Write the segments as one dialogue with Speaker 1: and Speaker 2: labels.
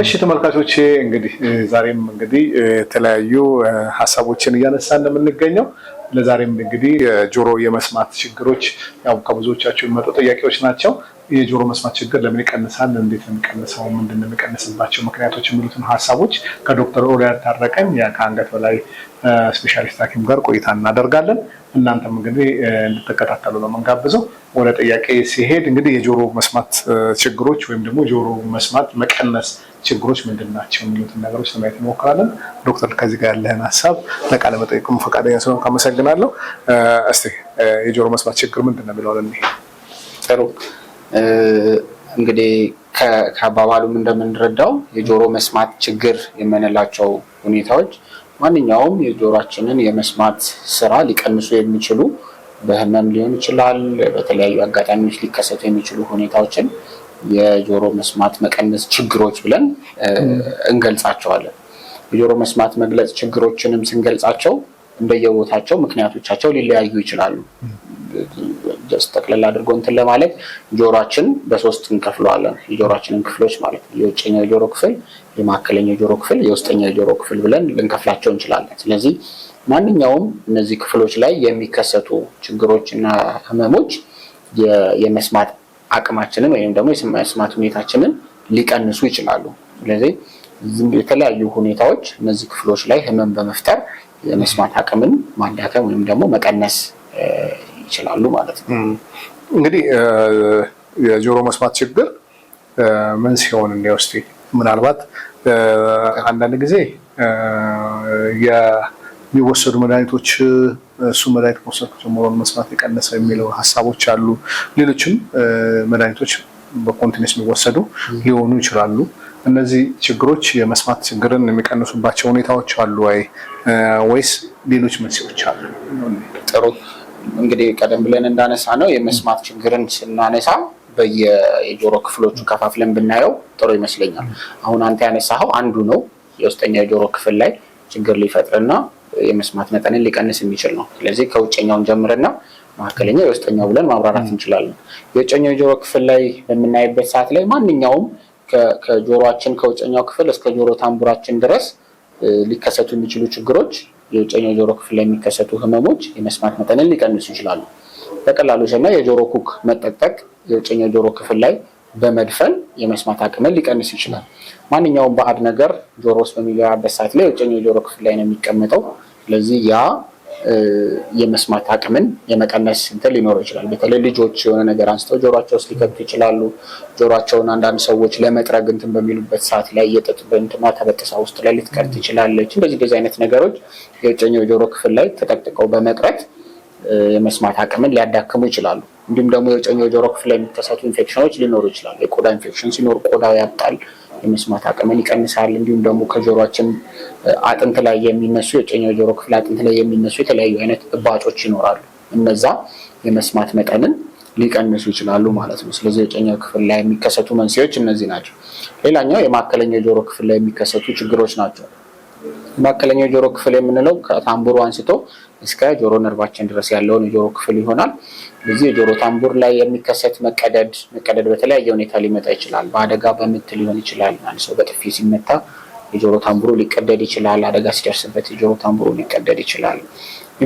Speaker 1: እሺ ተመልካቾቼ እንግዲህ ዛሬም እንግዲህ የተለያዩ ሀሳቦችን እያነሳ እንደምንገኘው ለዛሬም እንግዲህ የጆሮ የመስማት ችግሮች ያው ከብዙዎቻቸው የሚመጡ ጥያቄዎች ናቸው። የጆሮ መስማት ችግር ለምን ይቀንሳል? እንዴት ነው የሚቀንሰው? ምንድን ነው የሚቀንስባቸው ምክንያቶች የሚሉትን ሀሳቦች ከዶክተር ኦሪያር ታረቀኝ ከአንገት በላይ ስፔሻሊስት ሐኪም ጋር ቆይታ እናደርጋለን። እናንተም እንግዲህ እንድትከታተሉ ነው የምንጋብዘው። ወደ ጥያቄ ሲሄድ እንግዲህ የጆሮ መስማት ችግሮች ወይም ደግሞ ጆሮ መስማት መቀነስ ችግሮች ምንድን ናቸው የሚሉትን ነገሮች ለማየት እንሞክራለን። ዶክተር ከዚህ ጋር ያለህን ሀሳብ ለቃለ መጠየቅም ፈቃደኛ ስለሆን ካመሰግናለሁ። እስቲ የጆሮ መስማት ችግር ምንድን ነው የሚለውን እኔ ጥሩ እንግዲህ ከአባባሉም
Speaker 2: እንደምንረዳው የጆሮ መስማት ችግር የምንላቸው ሁኔታዎች ማንኛውም የጆሯችንን የመስማት ስራ ሊቀንሱ የሚችሉ በህመም ሊሆን ይችላል፣ በተለያዩ አጋጣሚዎች ሊከሰቱ የሚችሉ ሁኔታዎችን የጆሮ መስማት መቀነስ ችግሮች ብለን እንገልጻቸዋለን። የጆሮ መስማት መግለጽ ችግሮችንም ስንገልጻቸው እንደየቦታቸው ምክንያቶቻቸው ሊለያዩ ይችላሉ። ጠቅለል አድርጎ እንትን ለማለት ጆሮችን በሶስት እንከፍለዋለን። የጆሮችንን ክፍሎች ማለት ነው። የውጭኛው የጆሮ ክፍል፣ የመካከለኛው የጆሮ ክፍል፣ የውስጠኛው የጆሮ ክፍል ብለን ልንከፍላቸው እንችላለን። ስለዚህ ማንኛውም እነዚህ ክፍሎች ላይ የሚከሰቱ ችግሮችና ህመሞች የመስማት አቅማችንን ወይም ደግሞ የስማት ሁኔታችንን ሊቀንሱ ይችላሉ። ስለዚህ የተለያዩ ሁኔታዎች እነዚህ ክፍሎች ላይ ህመም በመፍጠር የመስማት አቅምን ማዳከም ወይም ደግሞ መቀነስ ይችላሉ ማለት ነው።
Speaker 1: እንግዲህ የጆሮ መስማት ችግር ሲሆን እንዲወስድ ምናልባት አንዳንድ ጊዜ የሚወሰዱ መድኃኒቶች እሱ መድኃኒት መውሰድ ጀምሮን መስማት የቀነሰ የሚለው ሀሳቦች አሉ። ሌሎችም መድኃኒቶች በኮንቲኒስ የሚወሰዱ ሊሆኑ ይችላሉ። እነዚህ ችግሮች የመስማት ችግርን የሚቀንሱባቸው ሁኔታዎች አሉ ወይ ወይስ ሌሎች መንስኤዎች አሉ? ጥሩ እንግዲህ ቀደም ብለን እንዳነሳ
Speaker 2: ነው የመስማት ችግርን ስናነሳ በየጆሮ ክፍሎቹ ከፋፍለን ብናየው ጥሩ ይመስለኛል። አሁን አንተ ያነሳኸው አንዱ ነው። የውስጠኛ የጆሮ ክፍል ላይ ችግር ሊፈጥርና የመስማት መጠንን ሊቀንስ የሚችል ነው። ስለዚህ ከውጨኛውን ጀምርና መካከለኛ የውስጠኛው ብለን ማብራራት እንችላለን። የውጨኛው የጆሮ ክፍል ላይ በምናይበት ሰዓት ላይ ማንኛውም ከጆሮችን ከውጨኛው ክፍል እስከ ጆሮ ታምቡራችን ድረስ ሊከሰቱ የሚችሉ ችግሮች የውጨኛው ጆሮ ክፍል ላይ የሚከሰቱ ህመሞች የመስማት መጠንን ሊቀንሱ ይችላሉ። በቀላሉ ስና የጆሮ ኩክ መጠቅጠቅ የውጨኛው ጆሮ ክፍል ላይ በመድፈን የመስማት አቅምን ሊቀንስ ይችላል። ማንኛውም ባዕድ ነገር ጆሮ ውስጥ በሚገባበት ሰዓት ላይ የውጨኛው የጆሮ ክፍል ላይ ነው የሚቀመጠው። ስለዚህ ያ የመስማት አቅምን የመቀነስ እንትን ሊኖረው ይችላል። በተለይ ልጆች የሆነ ነገር አንስተው ጆሯቸው ውስጥ ሊከብቱ ይችላሉ። ጆሯቸውን አንዳንድ ሰዎች ለመጥረግ እንትን በሚሉበት ሰዓት ላይ የጥጥ በእንትኗ ተበጥሳ ውስጥ ላይ ልትቀር ትችላለች። እንደዚህ እንደዚህ አይነት ነገሮች የውጨኛው የጆሮ ክፍል ላይ ተጠቅጥቀው በመቅረት የመስማት አቅምን ሊያዳክሙ ይችላሉ። እንዲሁም ደግሞ የውጨኛ ጆሮ ክፍል ላይ የሚከሰቱ ኢንፌክሽኖች ሊኖሩ ይችላሉ። የቆዳ ኢንፌክሽን ሲኖር ቆዳው ያብጣል፣ የመስማት አቅምን ይቀንሳል። እንዲሁም ደግሞ ከጆሮችን አጥንት ላይ የሚነሱ የውጨኛ ጆሮ ክፍል አጥንት ላይ የሚነሱ የተለያዩ አይነት እባጮች ይኖራሉ። እነዛ የመስማት መጠንን ሊቀንሱ ይችላሉ ማለት ነው። ስለዚህ የውጨኛው ክፍል ላይ የሚከሰቱ መንስኤዎች እነዚህ ናቸው። ሌላኛው የማከለኛ ጆሮ ክፍል ላይ የሚከሰቱ ችግሮች ናቸው። የማከለኛ ጆሮ ክፍል የምንለው ከታምቡሩ አንስቶ እስከ ጆሮ ነርቫችን ድረስ ያለውን የጆሮ ክፍል ይሆናል። በዚህ የጆሮ ታንቡር ላይ የሚከሰት መቀደድ መቀደድ በተለያየ ሁኔታ ሊመጣ ይችላል። በአደጋ በምት ሊሆን ይችላል። አንድ ሰው በጥፊ ሲመታ የጆሮ ታንቡሩ ሊቀደድ ይችላል። አደጋ ሲደርስበት የጆሮ ታንቡሩ ሊቀደድ ይችላል።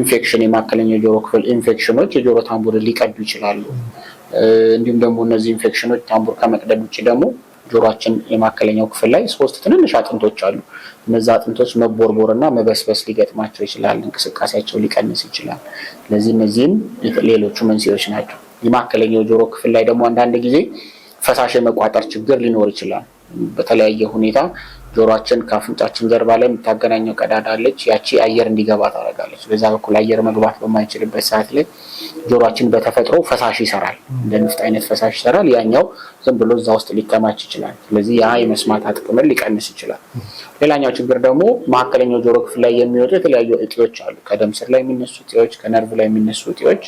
Speaker 2: ኢንፌክሽን፣ የመካከለኛው የጆሮ ክፍል ኢንፌክሽኖች የጆሮ ታንቡርን ሊቀዱ ይችላሉ። እንዲሁም ደግሞ እነዚህ ኢንፌክሽኖች ታንቡር ከመቅደድ ውጭ ደግሞ ጆሮችን የማከለኛው ክፍል ላይ ሶስት ትንንሽ አጥንቶች አሉ። እነዚ አጥንቶች መቦርቦር እና መበስበስ ሊገጥማቸው ይችላል። እንቅስቃሴያቸው ሊቀንስ ይችላል። ስለዚህ እነዚህም ሌሎቹ መንስኤዎች ናቸው። የማከለኛው ጆሮ ክፍል ላይ ደግሞ አንዳንድ ጊዜ ፈሳሽ የመቋጠር ችግር ሊኖር ይችላል። በተለያየ ሁኔታ ጆሮችን ከአፍንጫችን ጀርባ ላይ የምታገናኘው ቀዳዳ አለች። ያቺ አየር እንዲገባ ታደርጋለች። በዛ በኩል አየር መግባት በማይችልበት ሰዓት ላይ ጆሮችን በተፈጥሮ ፈሳሽ ይሰራል፣ እንደ ንፍጥ አይነት ፈሳሽ ይሰራል። ያኛው ዝም ብሎ እዛ ውስጥ ሊከማች ይችላል። ስለዚህ ያ የመስማት ጥቅምን ሊቀንስ ይችላል። ሌላኛው ችግር ደግሞ መካከለኛው ጆሮ ክፍል ላይ የሚወጡ የተለያዩ እጢዎች አሉ። ከደም ስር ላይ የሚነሱ እጢዎች፣ ከነርቭ ላይ የሚነሱ እጢዎች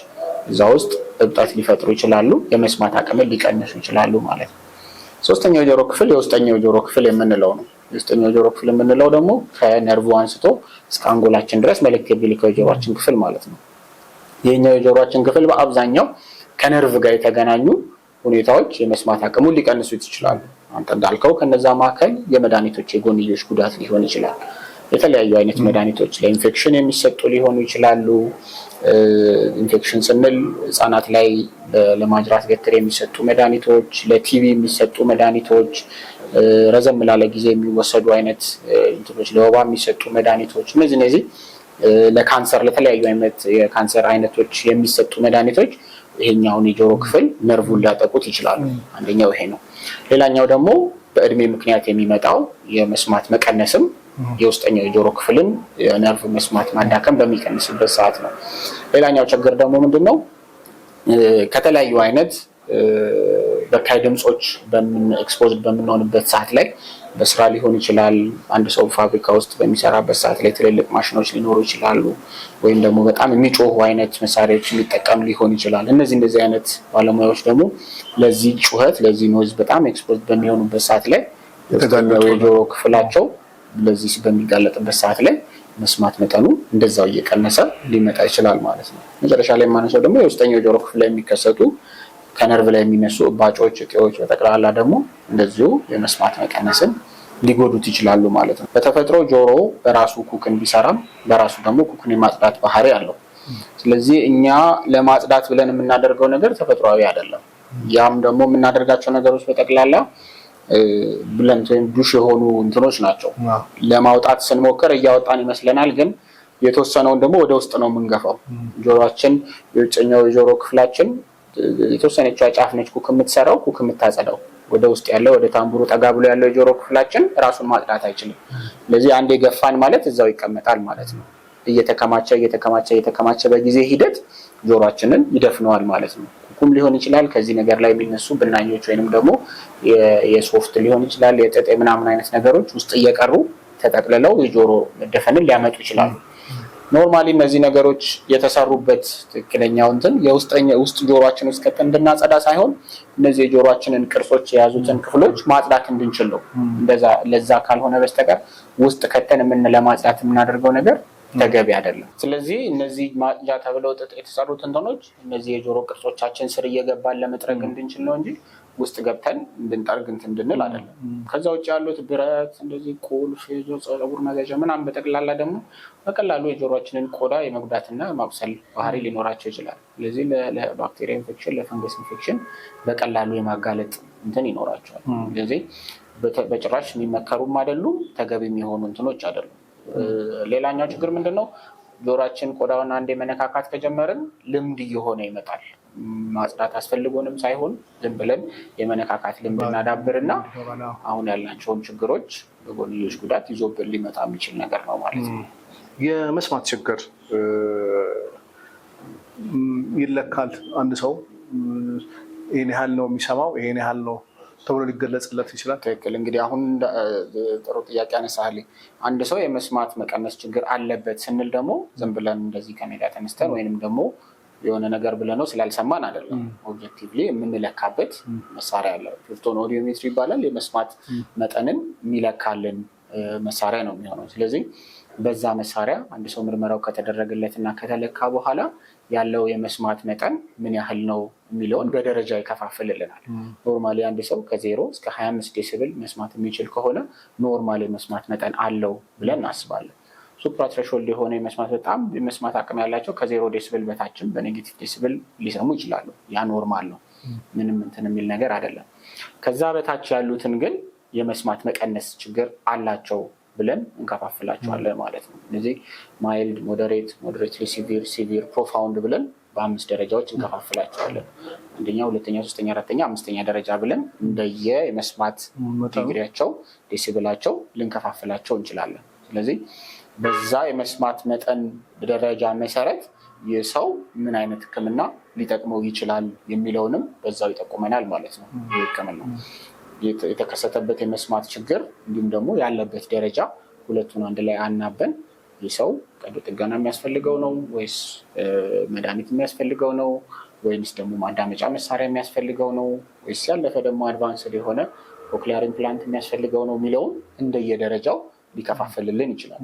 Speaker 2: እዛ ውስጥ እብጠት ሊፈጥሩ ይችላሉ። የመስማት አቅምን ሊቀንሱ ይችላሉ ማለት ነው። ሶስተኛው የጆሮ ክፍል የውስጠኛው የጆሮ ክፍል የምንለው ነው። ውስጠኛው ጆሮ ክፍል የምንለው ደግሞ ከነርቭ አንስቶ እስከ አንጎላችን ድረስ መልእክት የሚልከው የጆሮአችን ክፍል ማለት ነው። ይህኛው የጆሮአችን ክፍል በአብዛኛው ከነርቭ ጋር የተገናኙ ሁኔታዎች የመስማት አቅሙን ሊቀንሱት ይችላሉ። አንተ እንዳልከው ከነዛ መካከል የመድኃኒቶች የጎንዮሽ ጉዳት ሊሆን ይችላል። የተለያዩ አይነት መድኃኒቶች ለኢንፌክሽን የሚሰጡ ሊሆኑ ይችላሉ። ኢንፌክሽን ስንል ህጻናት ላይ ለማጅራት ገትር የሚሰጡ መድኃኒቶች፣ ለቲቪ የሚሰጡ መድኃኒቶች ረዘም ላለ ጊዜ የሚወሰዱ አይነት እንትኖች ለወባ የሚሰጡ መድኃኒቶች እነዚህ እነዚህ ለካንሰር ለተለያዩ አይነት የካንሰር አይነቶች የሚሰጡ መድኃኒቶች ይሄኛውን የጆሮ ክፍል ነርቡን ሊያጠቁት ይችላሉ። አንደኛው ይሄ ነው። ሌላኛው ደግሞ በእድሜ ምክንያት የሚመጣው የመስማት መቀነስም የውስጠኛው የጆሮ ክፍልን የነርቭ መስማት ማዳከም በሚቀንስበት ሰዓት ነው። ሌላኛው ችግር ደግሞ ምንድን ነው? ከተለያዩ አይነት በካይ ድምፆች ኤክስፖዝ በምንሆንበት ሰዓት ላይ በስራ ሊሆን ይችላል። አንድ ሰው ፋብሪካ ውስጥ በሚሰራበት ሰዓት ላይ ትልልቅ ማሽኖች ሊኖሩ ይችላሉ። ወይም ደግሞ በጣም የሚጮሁ አይነት መሳሪያዎች የሚጠቀም ሊሆን ይችላል። እነዚህ እንደዚህ አይነት ባለሙያዎች ደግሞ ለዚህ ጩኸት፣ ለዚህ ኖይዝ በጣም ኤክስፖዝ በሚሆኑበት ሰዓት ላይ የጆሮ ክፍላቸው ለዚህ በሚጋለጥበት ሰዓት ላይ መስማት መጠኑ እንደዛው እየቀነሰ ሊመጣ ይችላል ማለት ነው። መጨረሻ ላይ የማነሳው ደግሞ የውስጠኛው ጆሮ ክፍል ላይ የሚከሰቱ ከነርቭ ላይ የሚነሱ እባጮች፣ እቄዎች በጠቅላላ ደግሞ እንደዚሁ የመስማት መቀነስን ሊጎዱት ይችላሉ ማለት ነው። በተፈጥሮ ጆሮ በራሱ ኩክን ቢሰራም በራሱ ደግሞ ኩክን የማጽዳት ባህሪ አለው። ስለዚህ እኛ ለማጽዳት ብለን የምናደርገው ነገር ተፈጥሯዊ አይደለም። ያም ደግሞ የምናደርጋቸው ነገሮች በጠቅላላ ብለንት ወይም ዱሽ የሆኑ እንትኖች ናቸው። ለማውጣት ስንሞክር እያወጣን ይመስለናል፣ ግን የተወሰነውን ደግሞ ወደ ውስጥ ነው የምንገፋው። ጆሮችን የውጭኛው የጆሮ ክፍላችን የተወሰነች ጫፍ ነች ኩክ የምትሰራው ኩክ የምታጸዳው። ወደ ውስጥ ያለው ወደ ታምቡሩ ጠጋ ብሎ ያለው የጆሮ ክፍላችን ራሱን ማጽዳት አይችልም። ስለዚህ አንድ የገፋን ማለት እዛው ይቀመጣል ማለት ነው። እየተከማቸ እየተከማቸ እየተከማቸ በጊዜ ሂደት ጆሮችንን ይደፍነዋል ማለት ነው። ኩኩም ሊሆን ይችላል። ከዚህ ነገር ላይ የሚነሱ ብናኞች ወይንም ደግሞ የሶፍት ሊሆን ይችላል የጥጥ ምናምን አይነት ነገሮች ውስጥ እየቀሩ ተጠቅልለው የጆሮ መደፈንን ሊያመጡ ይችላሉ። ኖርማሊ እነዚህ ነገሮች የተሰሩበት ትክክለኛው እንትን የውስጠኛ ውስጥ ጆሮችን ውስጥ እንድናጸዳ ሳይሆን እነዚህ የጆሮችንን ቅርጾች የያዙትን ክፍሎች ማጽዳት እንድንችል ነው። እንደዛ ለዛ ካልሆነ በስተቀር ውስጥ ከተን የምን ለማጽዳት የምናደርገው ነገር ተገቢ አይደለም። ስለዚህ እነዚህ ማጽጃ ተብለው የተሰሩት እንትኖች እነዚህ የጆሮ ቅርጾቻችን ስር እየገባን ለመጥረግ እንድንችል ነው እንጂ ውስጥ ገብተን እንድንጠርግ እንትን እንድንል አይደለም። ከዛ ውጭ ያሉት ብረት፣ እንደዚህ ቁልፍ፣ ጸጉር መገዣ ምናምን በጠቅላላ ደግሞ በቀላሉ የጆሮችንን ቆዳ የመጉዳትና ማቁሰል ባህሪ ሊኖራቸው ይችላል። ስለዚህ ለባክቴሪያ ኢንፌክሽን፣ ለፈንገስ ኢንፌክሽን በቀላሉ የማጋለጥ እንትን ይኖራቸዋል። ስለዚህ በጭራሽ የሚመከሩም አይደሉም፣ ተገቢ የሚሆኑ እንትኖች አይደሉም። ሌላኛው ችግር ምንድን ነው? ጆሮችን ቆዳውን አንድ መነካካት ከጀመርን ልምድ እየሆነ ይመጣል። ማጽዳት አስፈልጎንም ሳይሆን ዝም ብለን የመነካካት ልምድ እናዳብርና አሁን
Speaker 1: ያላቸውን ችግሮች በጎንዮሽ ጉዳት ይዞብን ሊመጣ የሚችል ነገር ነው ማለት ነው። የመስማት ችግር ይለካል። አንድ ሰው ይህን ያህል ነው የሚሰማው፣ ይህን ያህል ነው ተብሎ ሊገለጽለት ይችላል። ትክክል። እንግዲህ
Speaker 2: አሁን ጥሩ ጥያቄ አነሳልኝ። አንድ ሰው የመስማት መቀነስ ችግር አለበት ስንል ደግሞ ዝም ብለን እንደዚህ ከሜዳ ተነስተን ወይንም ደግሞ የሆነ ነገር ነው ስላልሰማን አይደለም። ኦብጀክቲቭሊ የምንለካበት መሳሪያ አለ። ፒርቶን ኦዲዮሜትሪ ይባላል። የመስማት መጠንን የሚለካልን መሳሪያ ነው የሚሆነው። ስለዚህ በዛ መሳሪያ አንድ ሰው ምርመራው ከተደረገለት እና ከተለካ በኋላ ያለው የመስማት መጠን ምን ያህል ነው የሚለውን በደረጃ ይከፋፍልልናል። ኖርማሊ አንድ ሰው ከዜሮ እስከ 25 ዴሲብል መስማት የሚችል ከሆነ ኖርማል የመስማት መጠን አለው ብለን እናስባለን። ሱፕራትረሾል የሆነ የመስማት በጣም የመስማት አቅም ያላቸው ከዜሮ ዴስብል በታችም በኔጌቲቭ ዴስብል ሊሰሙ ይችላሉ። ያ ኖርማል ነው። ምንም እንትን የሚል ነገር አይደለም። ከዛ በታች ያሉትን ግን የመስማት መቀነስ ችግር አላቸው ብለን እንከፋፍላቸዋለን ማለት ነው። እነዚህ ማይልድ፣ ሞደሬት፣ ሞደሬት ሲቪር፣ ሲቪር፣ ፕሮፋውንድ ብለን በአምስት ደረጃዎች እንከፋፍላቸዋለን። አንደኛ፣ ሁለተኛ፣ ሶስተኛ፣ አራተኛ፣ አምስተኛ ደረጃ ብለን እንደየ የመስማት ዲግሪያቸው ዴሲብላቸው ልንከፋፍላቸው እንችላለን። ስለዚህ በዛ የመስማት መጠን ደረጃ መሰረት ይህ ሰው ምን አይነት ህክምና ሊጠቅመው ይችላል የሚለውንም በዛው ይጠቁመናል ማለት ነው። ይህ የተከሰተበት የመስማት ችግር እንዲሁም ደግሞ ያለበት ደረጃ ሁለቱን አንድ ላይ አናበን ይህ ሰው ቀዶ ጥገና የሚያስፈልገው ነው ወይስ መድኃኒት የሚያስፈልገው ነው ወይስ ደግሞ ማዳመጫ መሳሪያ የሚያስፈልገው ነው ወይስ ያለፈ ደግሞ አድቫንስድ የሆነ ኮክሊያር ኢምፕላንት የሚያስፈልገው ነው የሚለውን እንደየደረጃው ሊከፋፈልልን ይችላል።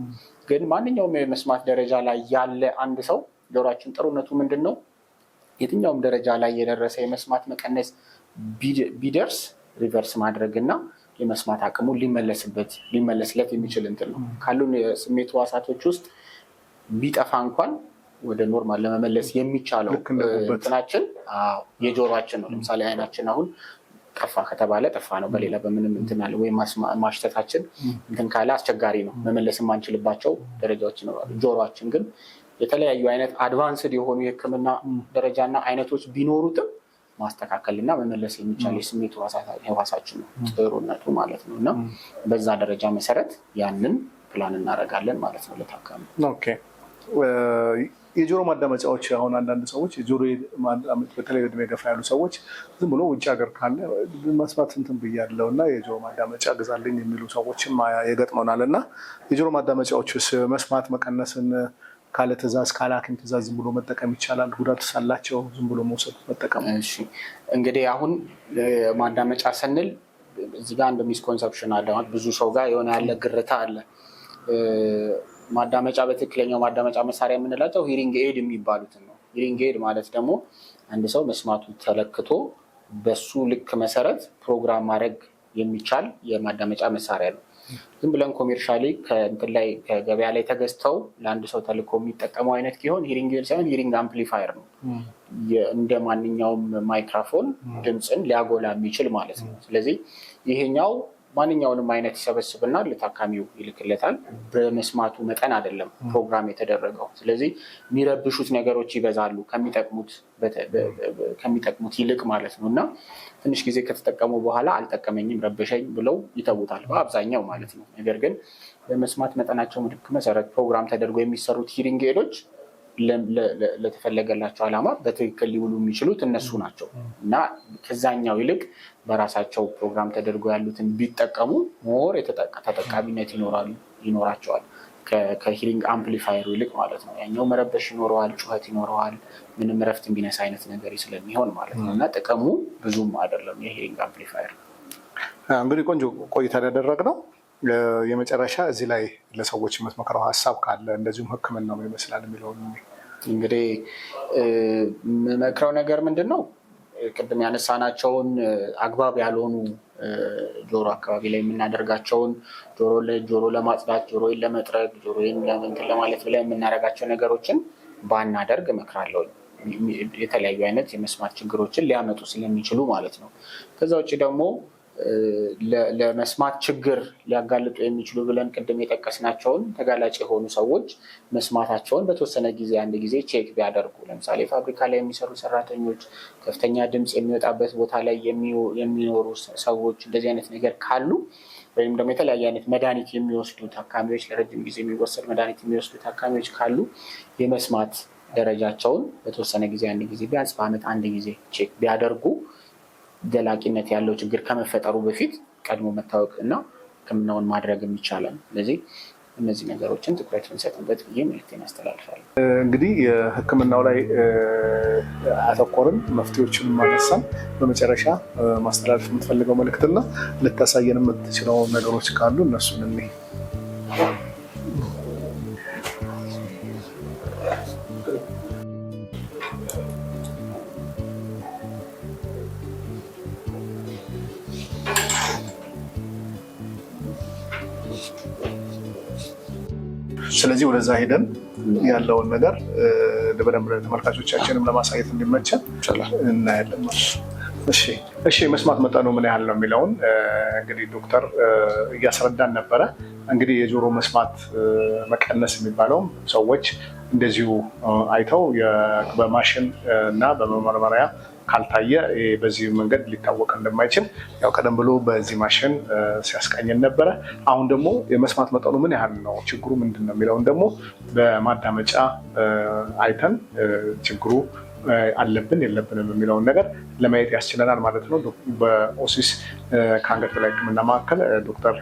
Speaker 2: ግን ማንኛውም የመስማት ደረጃ ላይ ያለ አንድ ሰው ጆሮችን ጥሩነቱ ምንድን ነው? የትኛውም ደረጃ ላይ የደረሰ የመስማት መቀነስ ቢደርስ ሪቨርስ ማድረግ እና የመስማት አቅሙ ሊመለስበት ሊመለስለት የሚችል እንትን ነው ካሉን የስሜት ህዋሳቶች ውስጥ ቢጠፋ እንኳን ወደ ኖርማል ለመመለስ የሚቻለው እንትናችን የጆሮችን ነው። ለምሳሌ አይናችን አሁን ጠፋ ከተባለ ጠፋ ነው። በሌላ በምንም እንትናል ወይም ማሽተታችን እንትን ካለ አስቸጋሪ ነው። መመለስ የማንችልባቸው ደረጃዎች ይኖራሉ። ጆሮችን ግን የተለያዩ አይነት አድቫንስድ የሆኑ የሕክምና ደረጃና አይነቶች ቢኖሩትም ማስተካከልና መመለስ የሚቻል የስሜት ህዋሳችን ነው ጥሩነቱ ማለት ነው። እና በዛ ደረጃ መሰረት ያንን ፕላን እናደርጋለን ማለት ነው ለታካሚ
Speaker 1: የጆሮ ማዳመጫዎች አሁን አንዳንድ ሰዎች የጆሮ በተለይ እድሜ ገፋ ያሉ ሰዎች ዝም ብሎ ውጭ ሀገር ካለ መስማት እንትን ብያለው እና የጆሮ ማዳመጫ ግዛልኝ የሚሉ ሰዎችም የገጥመናል እና የጆሮ ማዳመጫዎችስ መስማት መቀነስን ካለ ትእዛዝ ካለ ትእዛዝ ዝም ብሎ መጠቀም ይቻላል? ጉዳት ሳላቸው ዝም ብሎ መውሰድ መጠቀም?
Speaker 2: እሺ እንግዲህ አሁን ማዳመጫ ስንል እዚህ አንድ ሚስኮንሰፕሽን አለ። ብዙ ሰው ጋር የሆነ ያለ ግርታ አለ ማዳመጫ በትክክለኛው ማዳመጫ መሳሪያ የምንላቸው ሂሪንግ ኤድ የሚባሉትን ነው። ሂሪንግ ኤድ ማለት ደግሞ አንድ ሰው መስማቱ ተለክቶ በሱ ልክ መሰረት ፕሮግራም ማድረግ የሚቻል የማዳመጫ መሳሪያ ነው። ዝም ብለን ኮሜርሻሊ ከእንትን ላይ ከገበያ ላይ ተገዝተው ለአንድ ሰው ተልኮ የሚጠቀመው አይነት ሲሆን ሂሪንግ ኤድ ሳይሆን ሂሪንግ አምፕሊፋየር ነው። እንደ ማንኛውም ማይክራፎን ድምፅን ሊያጎላ የሚችል ማለት ነው። ስለዚህ ይሄኛው ማንኛውንም አይነት ይሰበስብና ለታካሚው ይልክለታል። በመስማቱ መጠን አይደለም ፕሮግራም የተደረገው። ስለዚህ የሚረብሹት ነገሮች ይበዛሉ ከሚጠቅሙት ይልቅ ማለት ነው። እና ትንሽ ጊዜ ከተጠቀሙ በኋላ አልጠቀመኝም፣ ረበሸኝ ብለው ይተውታል በአብዛኛው ማለት ነው። ነገር ግን በመስማት መጠናቸው ምድክ መሰረት ፕሮግራም ተደርጎ የሚሰሩት ሂሪንግ ሄዶች ለተፈለገላቸው ዓላማ በትክክል ሊውሉ የሚችሉት እነሱ ናቸው እና ከዛኛው ይልቅ በራሳቸው ፕሮግራም ተደርጎ ያሉትን ቢጠቀሙ ሞር ተጠቃሚነት ይኖራቸዋል። ከሂሪንግ አምፕሊፋየሩ ይልቅ ማለት ነው። ያኛው መረበሽ ይኖረዋል፣ ጩኸት ይኖረዋል፣ ምንም እረፍት ቢነስ አይነት ነገር ስለሚሆን ማለት ነው እና ጥቅሙ ብዙም አይደለም የሂሪንግ አምፕሊፋየር።
Speaker 1: እንግዲህ ቆንጆ ቆይታ ነው። የመጨረሻ እዚህ ላይ ለሰዎች የምትመክረው ሀሳብ ካለ እንደዚሁም ህክምናው ይመስላል የሚለውን እንግዲህ የምመክረው ነገር ምንድን ነው?
Speaker 2: ቅድም ያነሳናቸውን አግባብ ያልሆኑ ጆሮ አካባቢ ላይ የምናደርጋቸውን ጆሮ ጆሮ ለማጽዳት፣ ጆሮን ለመጥረግ፣ ጆሮን እንትን ለማለት ብለን የምናደርጋቸው ነገሮችን ባናደርግ እመክራለሁ። የተለያዩ አይነት የመስማት ችግሮችን ሊያመጡ ስለሚችሉ ማለት ነው። ከዛ ውጭ ደግሞ ለመስማት ችግር ሊያጋልጡ የሚችሉ ብለን ቅድም የጠቀስናቸውን ተጋላጭ የሆኑ ሰዎች መስማታቸውን በተወሰነ ጊዜ አንድ ጊዜ ቼክ ቢያደርጉ፣ ለምሳሌ ፋብሪካ ላይ የሚሰሩ ሰራተኞች፣ ከፍተኛ ድምፅ የሚወጣበት ቦታ ላይ የሚኖሩ ሰዎች እንደዚህ አይነት ነገር ካሉ ወይም ደግሞ የተለያየ አይነት መድኃኒት የሚወስዱ ታካሚዎች ለረጅም ጊዜ የሚወሰድ መድኃኒት የሚወስዱ ታካሚዎች ካሉ የመስማት ደረጃቸውን በተወሰነ ጊዜ አንድ ጊዜ ቢያንስ በዓመት አንድ ጊዜ ቼክ ቢያደርጉ ዘላቂነት ያለው ችግር ከመፈጠሩ በፊት ቀድሞ መታወቅ እና ህክምናውን ማድረግ ይቻላል። ስለዚህ እነዚህ ነገሮችን ትኩረት ብንሰጥበት ብዬ መልዕክቴን
Speaker 1: ያስተላልፋል። እንግዲህ የህክምናው ላይ አተኮርን፣ መፍትሄዎችን ማነሳን። በመጨረሻ ማስተላለፍ የምትፈልገው መልዕክትና ልታሳየን የምትችለው ነገሮች ካሉ እነሱን እኔ ስለዚህ ወደዛ ሄደን ያለውን ነገር በደንብ ተመልካቾቻችንም ለማሳየት እንዲመቸን እናያለን። እሺ የመስማት መጠኑ ምን ያህል ነው የሚለውን እንግዲህ ዶክተር እያስረዳን ነበረ። እንግዲህ የጆሮ መስማት መቀነስ የሚባለውም ሰዎች እንደዚሁ አይተው በማሽን እና በመመርመሪያ ካልታየ በዚህ መንገድ ሊታወቅ እንደማይችል ያው ቀደም ብሎ በዚህ ማሽን ሲያስቃኝን ነበረ። አሁን ደግሞ የመስማት መጠኑ ምን ያህል ነው፣ ችግሩ ምንድን ነው የሚለውን ደግሞ በማዳመጫ አይተን ችግሩ አለብን የለብንም የሚለውን ነገር ለማየት ያስችለናል ማለት ነው። በኦሲስ ከአንገት በላይ ሕክምና ማዕከል ዶክተር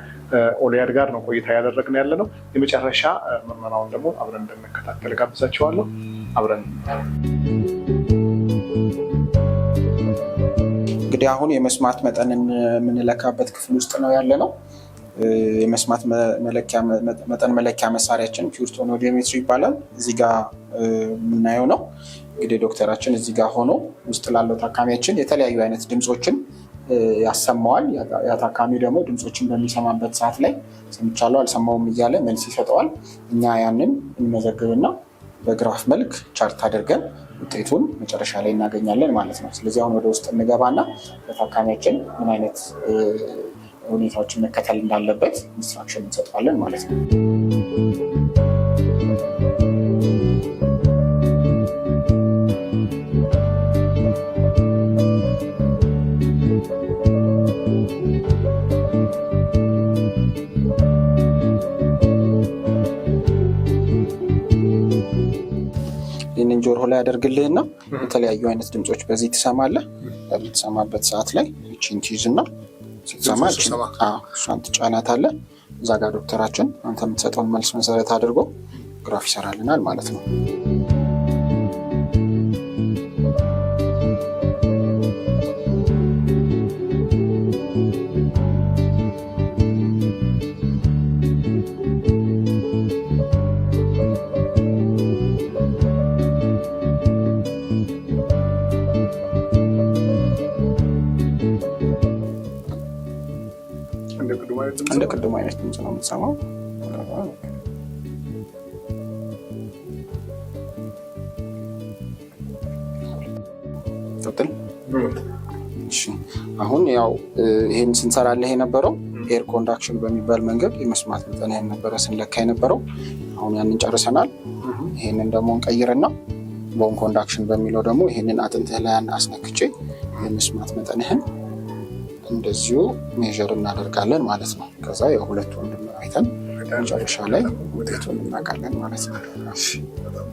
Speaker 1: ኦሊያድ ጋር ነው ቆይታ ያደረግን ያለ ነው። የመጨረሻ ምርመራውን ደግሞ አብረን እንደንከታተል ጋብዛቸዋለሁ። አብረን
Speaker 2: እንግዲህ አሁን የመስማት መጠንን የምንለካበት ክፍል ውስጥ ነው ያለ ነው። የመስማት መጠን መለኪያ መሳሪያችን ፒውርቶን ኦዲዮሜትሪ ይባላል። እዚህ ጋር የምናየው ነው እንግዲህ ዶክተራችን እዚህ ጋር ሆኖ ውስጥ ላለው ታካሚያችን የተለያዩ አይነት ድምፆችን ያሰማዋል። የታካሚ ደግሞ ድምፆችን በሚሰማበት ሰዓት ላይ ሰምቻለሁ፣ አልሰማውም እያለ መልስ ይሰጠዋል። እኛ ያንን እንመዘግብና በግራፍ መልክ ቻርት አድርገን ውጤቱን መጨረሻ ላይ እናገኛለን ማለት ነው። ስለዚህ አሁን ወደ ውስጥ እንገባና ለታካሚያችን ምን አይነት ሁኔታዎችን መከተል
Speaker 1: እንዳለበት ኢንስትራክሽን እንሰጠዋለን ማለት ነው።
Speaker 2: ይህንን ጆሮ ላይ ያደርግልህና የተለያዩ አይነት ድምፆች በዚህ ትሰማለህ። በምትሰማበት ሰዓት ላይ ይቺን ትይዝና ስብሰማችን እሷን አለ እዛ ጋር ዶክተራችን አንተ የምትሰጠውን መልስ መሰረት አድርጎ ግራፍ ይሰራልናል ማለት ነው። የምትሰማው። አሁን ያው ይህን ስንሰራለህ የነበረው ኤር ኮንዳክሽን በሚባል መንገድ የመስማት መጠን ነበረ ስንለካ የነበረው። አሁን ያንን ጨርሰናል። ይህንን ደግሞ እንቀይርና ቦን ኮንዳክሽን በሚለው ደግሞ ይህንን አጥንትህ ላይ አስነክቼ የመስማት መጠንህን እንደዚሁ ሜዥር እናደርጋለን ማለት ነው። ከዛ
Speaker 1: ወንድም አይተን መጨረሻ ላይ ውጤቱን እናውቃለን ማለት ነው።